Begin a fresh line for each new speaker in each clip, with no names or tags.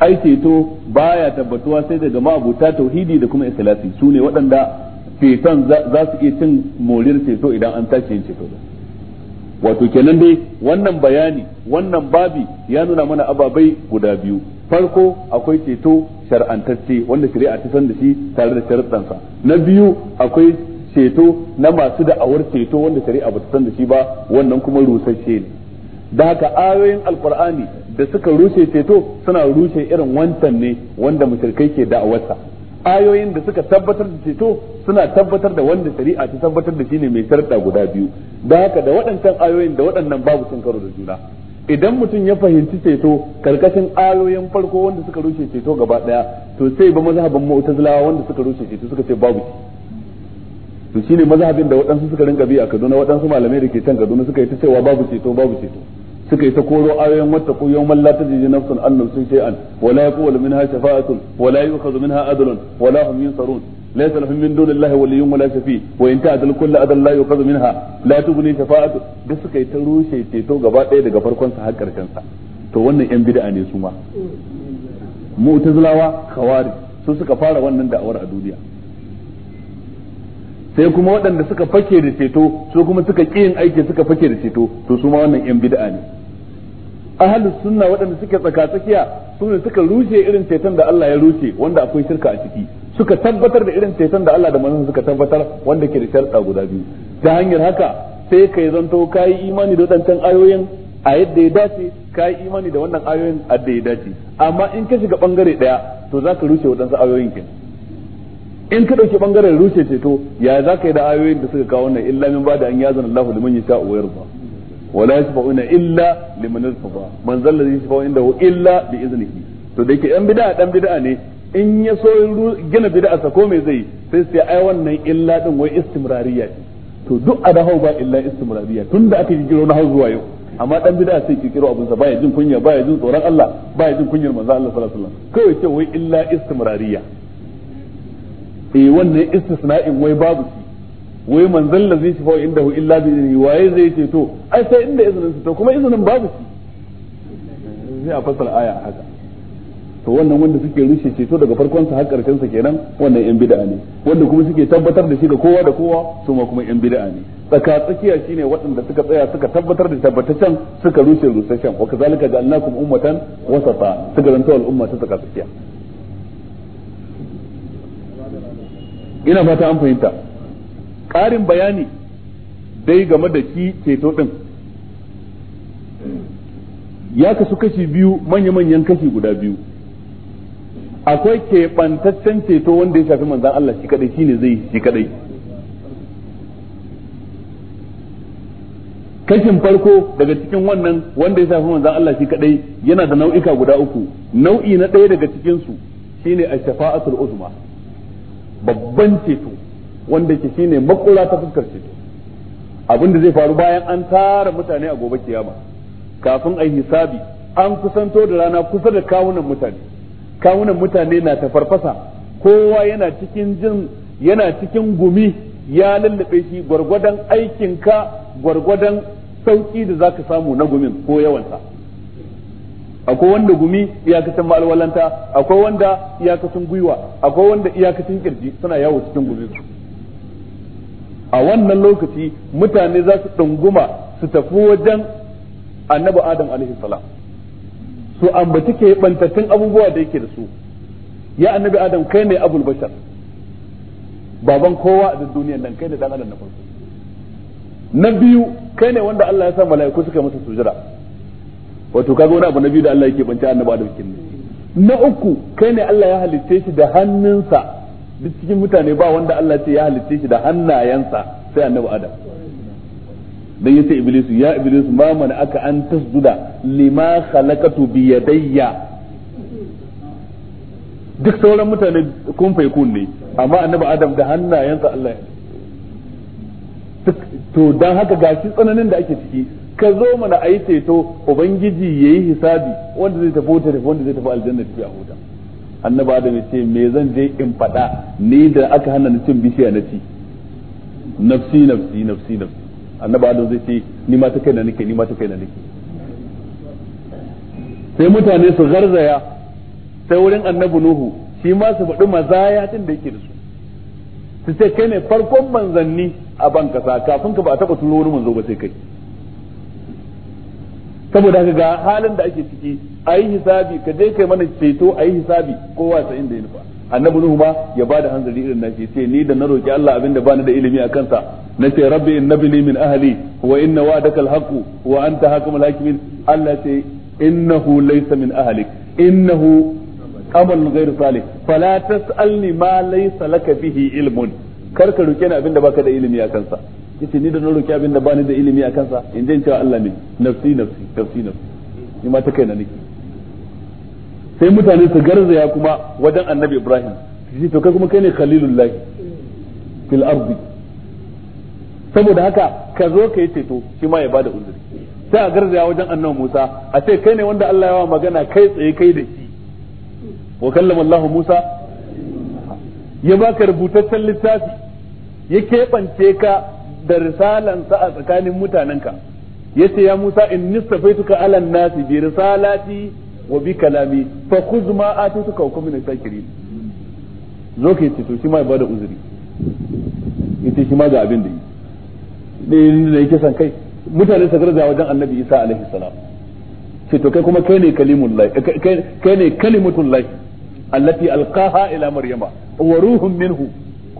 ai ceto baya tabbatuwa sai daga ma'abuta tauhidi da kuma ikhlasi su ne waɗanda ceton za su iya cin morir ceto idan an tashi yin ceto da wato kenan dai wannan bayani wannan babi ya nuna mana ababai guda biyu farko akwai ceto shar'antacce wanda shari'a ta san da shi tare da sharuɗansa na biyu akwai ceto na masu da'awar ceto wanda shari'a ba ta san da shi ba wannan kuma rusasshe ne da haka ayoyin alkur'ani da suka rushe ceto suna rushe irin wancan ne wanda mushrikai ke da'awarsa ayoyin da suka tabbatar da ceto suna tabbatar da wanda shari'a ta tabbatar da shine mai sharda guda biyu da haka da waɗancan ayoyin da waɗannan babu sun karo da juna idan mutum ya fahimci ceto karkashin ayoyin farko wanda suka rushe ceto gaba daya to sai ba mazhabin mu'tazilawa wanda suka rushe ceto suka ce babu to shine mazhabin da waɗansu suka rinka bi a Kaduna waɗansu malamai da ke can Kaduna suka yi ta cewa babu ceto babu ceto suka yi ta koro ayoyin wata kuyon man la tajidi nafsun an ce shay'an wala la yaqulu minha shafa'atun wala yu'khadhu minha adlun wala hum yunsarun laysa lahum min dunillahi waliyyun wala la shafi wa in ta'dil kullu adl la yu'khadhu minha la tubni shafa'atu duk suka yi ta rushe ceto gaba ɗaya daga farkon sa har karshen sa to wannan yan bid'a ne su ma mu'tazilawa khawari su suka fara wannan da'awar a duniya sai kuma waɗanda suka fake da ceto su kuma suka ƙi yin aiki suka fake da ceto to su ma wannan yan bid'a ne ahli sunna waɗanda suke tsakatsakiya su ne suka rushe irin ceton da Allah ya rushe wanda akwai shirka a ciki suka tabbatar da irin ceton da Allah da manzon suka tabbatar wanda ke da sharɗa guda biyu ta hanyar haka sai ka zanto ka yi imani da waɗancan ayoyin a yadda ya dace ka yi imani da wannan ayoyin a yadda ya dace amma in ka shiga bangare ɗaya to za ka rushe waɗansu ayoyin ke. in ka ɗauki ɓangaren rushe ceto ya za ka yi da ayoyin da suka kawo wannan illa min ba da an yazan Allah liman yasha wa yarda wala yashfa'una illa to da yake bid'a dan bid'a ne in ya so gina bid'a sa ko me zai sai sai ai wannan illa din wai istimrariya ce to duk a dawo ba illa istimrariya tunda aka giro na har zuwa yau amma dan bid'a sai kikiro abin sa baya jin kunya baya jin tsoron Allah baya jin kunyar manzo Allah sallallahu alaihi wasallam kawai ce wai illa istimrariya eh wannan istisna'in wai babu shi wai manzon lazi shifa'u indahu illa bi idnihi waye zai ceto ai sai inda izinin su to kuma izinin babu shi zai a fasar aya haka to wannan wanda suke rushe ceto daga farkon sa har karshen sa kenan wannan yan bid'a ne wanda kuma suke tabbatar da shi ga kowa da kowa su ma kuma yan bid'a ne tsaka tsakiya shine waɗanda suka tsaya suka tabbatar da tabbataccen suka rushe rusasshen wa kazalika ja'alnakum ummatan wasata suka zanto al'umma ta tsaka tsakiya ina fata an fahimta ƙarin bayani dai game da shi ceto ɗin ya kasu kashi biyu manya-manyan kashi guda biyu akwai keɓantaccen ceto wanda ya shafi manzan Allah shi kaɗai shine zai shi kaɗai kashin farko daga cikin wannan wanda ya shafi manzan Allah shi kaɗai yana da nau'ika guda uku nau'i na ɗaya daga cikinsu shine a shafa'atul uzma babban ceto wanda ke shine makura ta fuskar ceto abin da zai faru bayan an tara mutane a gobe kiyama kafin a hisabi an kusanto da rana kusa da kawunan mutane kawunan mutane na ta farfasa kowa yana cikin jin yana cikin gumi ya lallabe shi gwargwadon aikinka gwargwadon sauki da zaka samu na gumin ko yawansa akwai wanda gumi iyakacin ma'alwalanta akwai wanda iyakacin gwiwa akwai wanda iyakacin kirji suna yawo cikin gumi a wannan lokaci mutane za su ɗunguma su tafi wajen annabi adam alaihi salam su ambaci ke bantattun abubuwa da yake da su ya annabi adam kai ne abul bashar baban kowa a duniyar nan kai ne dan adam na farko na biyu kai ne wanda Allah ya sa mala'iku suka masa sujada wato kaga wani abu na biyu da Allah yake bance annabi adam kin na uku kai ne Allah ya halitte shi da hannunsa duk cikin mutane ba wanda Allah ce ya halitta shi da hannayensa sai annabi adam dan yace iblis ya iblis ma man aka an tasjuda lima khalaqatu bi yadayya duk sauran mutane kun fai kun ne amma annabi adam da hannayensa Allah ya to dan haka gashi tsananin da ake ciki ka zo mana ayi ceto ubangiji yayi hisabi wanda zai tafi wanda zai tafi aljanna tafi a huta annabi adam ce me zan je in faɗa ni da aka hana ni cin bishiya na ci nafsi nafsi nafsi nafsi annabi adam zai ce ni ma ta kai na nake ni ma ta kai na nake sai mutane su garzaya sai wurin annabi nuhu shi ma su faɗi mazaya din da yake da su su ce kai ne farkon manzanni a ban sa kafin ka ba a taɓa turo wani manzo ba sai kai saboda haka ga halin da ake ciki a yi hisabi ka je kai mana ceto a yi hisabi kowa sa inda ya nufa annabi nuhu ma ya bada hanzari irin na ce ni da na roki Allah abinda bani da ilimi a kansa na ce rabbi innabni min ahli wa inna wa'daka alhaq wa anta hakimul hakimin Allah ce innahu laysa min ahlik innahu amal ghayr salih fala tasalni ma laysa laka bihi ilmun kar ka roke ni abinda baka da ilimi a kansa yace ni da na roki abin da ba ni da ilimi a kansa in je cewa Allah ne nafsi nafsi nafsi nafsi ni ma ta kai na nake sai mutane su garzaya kuma wajen annabi Ibrahim shi to kai kuma kai ne khalilullah fil ardi saboda haka ka zo ka yi ceto shi ma ya bada uzuri sai a garzaya wajen annabi Musa a ce kai ne wanda Allah ya wa magana kai tsaye kai da shi wa kallama Allah Musa ya baka rubutaccen littafi ya keɓance ka da risalansa a tsakanin mutanenka Ya ce ya Musa inni safaituka alan nasi bi risalati wa bi kalami fa khudh ma atituka wa kun min zo ka yace to shi ma ya bada uzuri yace shi ma ga abin da yi ne ne yake san kai mutane sa garza wajen Annabi Isa alaihi salam ce to kai kuma kai ne kalimullahi kai ne kalimatullahi allati alqaha ila maryama wa ruhun minhu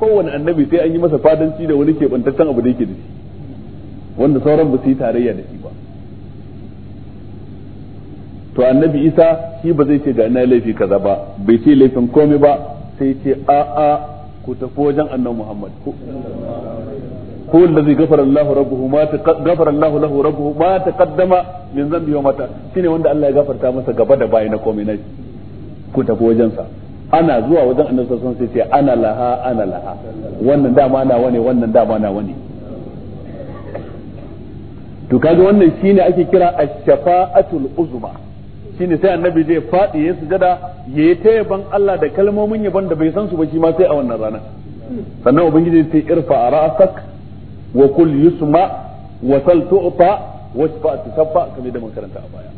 kowane annabi sai an yi masa fadanci da wani keɓantaccen abu da yake da shi wanda sauran ba su yi tarayya da shi ba to annabi isa shi ba zai ce ga ina laifi kaza ba bai ce laifin komai ba sai ce a a ku tafi wajen annabi muhammad هو الذي غفر الله ربه ما غفر الله له ربه ما تقدم من ذنبه وما shine wanda Allah ya gafarta masa gaba da bayi na komai na ku tafi wajen sa ana zuwa wajen annabi sallallahu alaihi wasallam sai ce ana laha ana laha wannan dama na ne wannan dama nawa ne to kaga wannan shine ake kira ash-shafa'atul uzma shine sai annabi zai fadi ya sujada yayi ta ban Allah da kalmomin yaban da bai san su ba shi ma sai a wannan rana sannan ubangiji ya ce irfa ra'asak wa kul yusma wa sal tu'ta wa shfa tashfa kamar da mun karanta a baya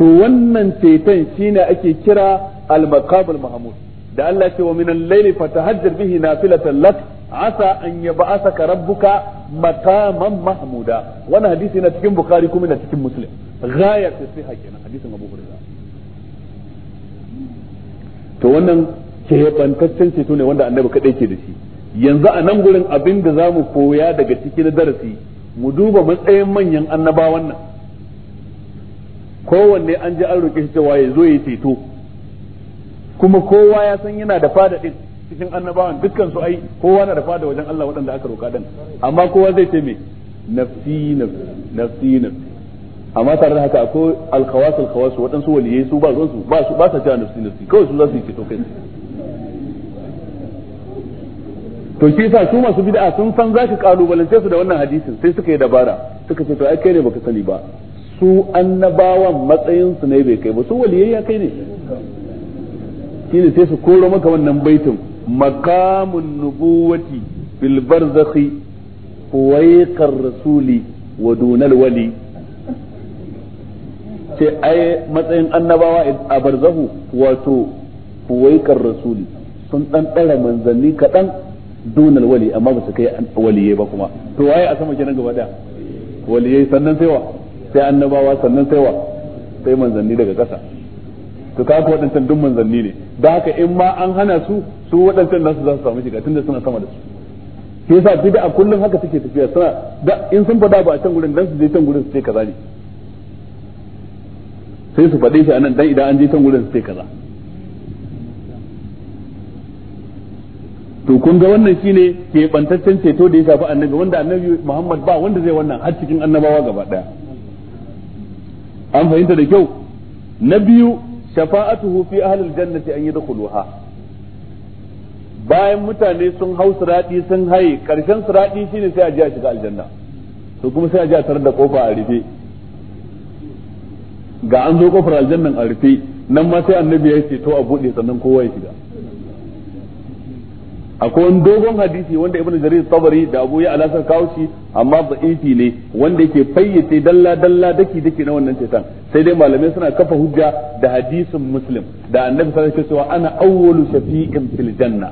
to wannan ceton shine ake kira al-maqamul mahmud da Allah ce wa minan laili fatahajjar bihi nafilatan lak asa an yab'asaka rabbuka maqaman mahmuda wannan hadisi na cikin bukhari kuma na cikin muslim ghaya ta kenan hadisin abu hurairah to wannan kebantaccen ceto ne wanda annabi kadai ke da shi yanzu a nan gurin abin da zamu koya daga cikin darasi mu duba matsayin manyan annabawan nan kowanne an ji an roƙe shi cewa ya zo ya ceto kuma kowa ya san yana da fada din cikin annabawan dukkan su ai kowa na da fada wajen Allah waɗanda aka roƙa din amma kowa zai ce me nafsi nafsi nafsi nafsi amma tare da haka akwai alkhawas alkhawas waɗansu waliyai su ba su ba su ba sa cewa nafsi nafsi kawai su za su yi ceto kai to shi yasa su masu bid'a sun san zaka kalubalance su da wannan hadisin sai suka yi dabara suka ce to ai kai ne baka sani ba su annabawan matsayinsu ne bai kai ba su waliyai ya kai ne shine sai su koro maka wannan baitin makamun nubuwati fil barzakhi huwaiqar rasuli wa dunal wali sai ai matsayin annabawa a barzahu wato huwaikar rasuli sun dan tsara manzanni kaɗan dunal wali amma ba su kai waliyai ba kuma to waye a sama kenan gaba da waliyai sannan sai wa sai annabawa sannan sai wa sai manzanni daga ƙasa to kaga waɗancan duk manzanni ne da haka in ma an hana su su waɗancan nasu za su samu shiga tunda suna sama da su shi yasa da kullum haka take tafiya suna da in sun fada ba a can gurin dan su je can gurin su ce kaza ne sai su faɗe shi anan dan idan an je can gurin su ce kaza to kun ga wannan shine ke bantaccen ceto da ya shafi annabi wanda annabi Muhammad ba wanda zai wannan har cikin annabawa gaba daya an fahimta da kyau na biyu shafa'atuhu fi ahlil jannati an yadkhuluha bayan mutane sun hau siradi sun haye karshen siradi shine sai a ji a shiga aljanna to kuma sai a ji a tarar da kofa a rufe ga an zo kofar aljannan a rufe nan ma sai annabi ya ce to a bude sannan kowa ya shiga akwai wani dogon hadisi wanda ibn jarir tabari da abu ya alasa kawo shi amma da'ifi ne wanda yake fayyace dalla dalla daki daki na wannan cetan sai dai malamai suna kafa hujja da hadisin muslim da annabi sallallahu alaihi wasallam ana awwalu shafi'in fil janna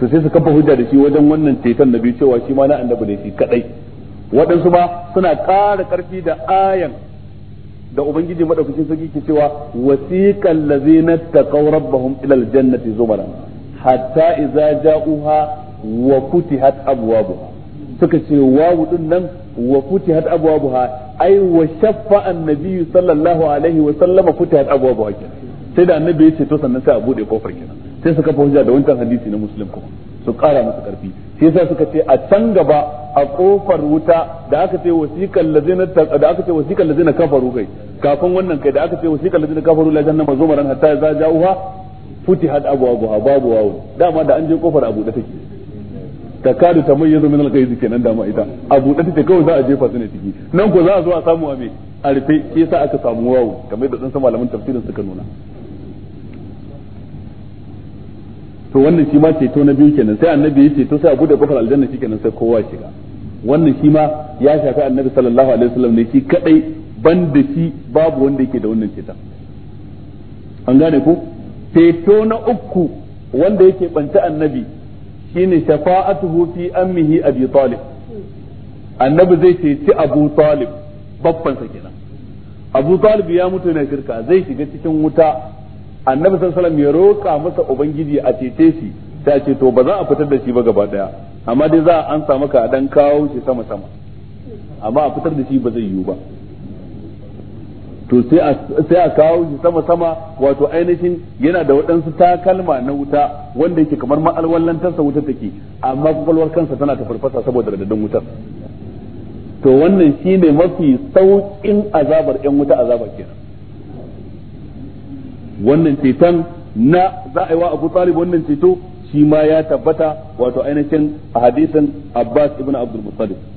to sai su kafa hujja da shi wajen wannan cetan nabi cewa shi ma na annabi ne shi kadai waɗansu ma suna ƙara ƙarfi da ayan da ubangiji madaukakin sarki ke cewa wasiqal ladzina taqaw rabbahum ila al zumaran hatta idza ja'uha wa futihat abwabuha suka ce wawu din nan wa futihat abwabuha ai wa shaffa annabi sallallahu alaihi wa sallama futihat abwabuha sai da annabi ya ce to sannan sai a bude kofar kenan sai suka fahimta da wancan hadisi na muslim kuma su kara masa karfi sai yasa suka ce a can gaba a kofar wuta da aka ce wasiqal ladzina da aka ce wasiqal ladzina kafaru kai kafin wannan kai da aka ce wasiqal ladzina kafaru la jahannama zumaran hatta za ja'uha futi abu abwabuha babu wawu dama da an je kofar abu da take ta mayyazo min al kenan dama ita abu da take kawai za a jefa su ne ciki nan ko za a zo a samu a me a rufe shi yasa aka samu wawu kamar da dan malaman tafsirin suka nuna to wannan shi ma ceto na biyu kenan sai annabi ya ceto sai a bude kofar aljanna shi kenan sai kowa shiga wannan shi ma ya shafi annabi sallallahu alaihi wasallam ne shi kadai ban da shi babu wanda yake da wannan ceton an gane ko ceto na uku wanda yake banta annabi shine shafa'atuhu fi ammihi abi talib annabi zai ceci abu talib babban sa kenan abu talib ya mutu ne shirka zai shiga cikin wuta annabi sallallahu alaihi wasallam ya roƙa masa ubangiji a cece shi ta ce to ba za a fitar da shi ba gaba daya amma dai za a ansa maka a dan kawo shi sama sama amma a fitar da shi ba zai yiwu ba to sai a kawo shi sama sama wato ainihin yana da waɗansu takalma na wuta wanda yake kamar ma'alwar lantarsa wuta take amma kwakwalwar kansa tana ta farfasa saboda radadin wutar to wannan shine mafi sauƙin azabar yan wuta azaba kenan wannan ceton na za a yi wa abu talib wannan ceto shi ma ya tabbata wato ainihin a hadisin abbas ibn abdul muttalib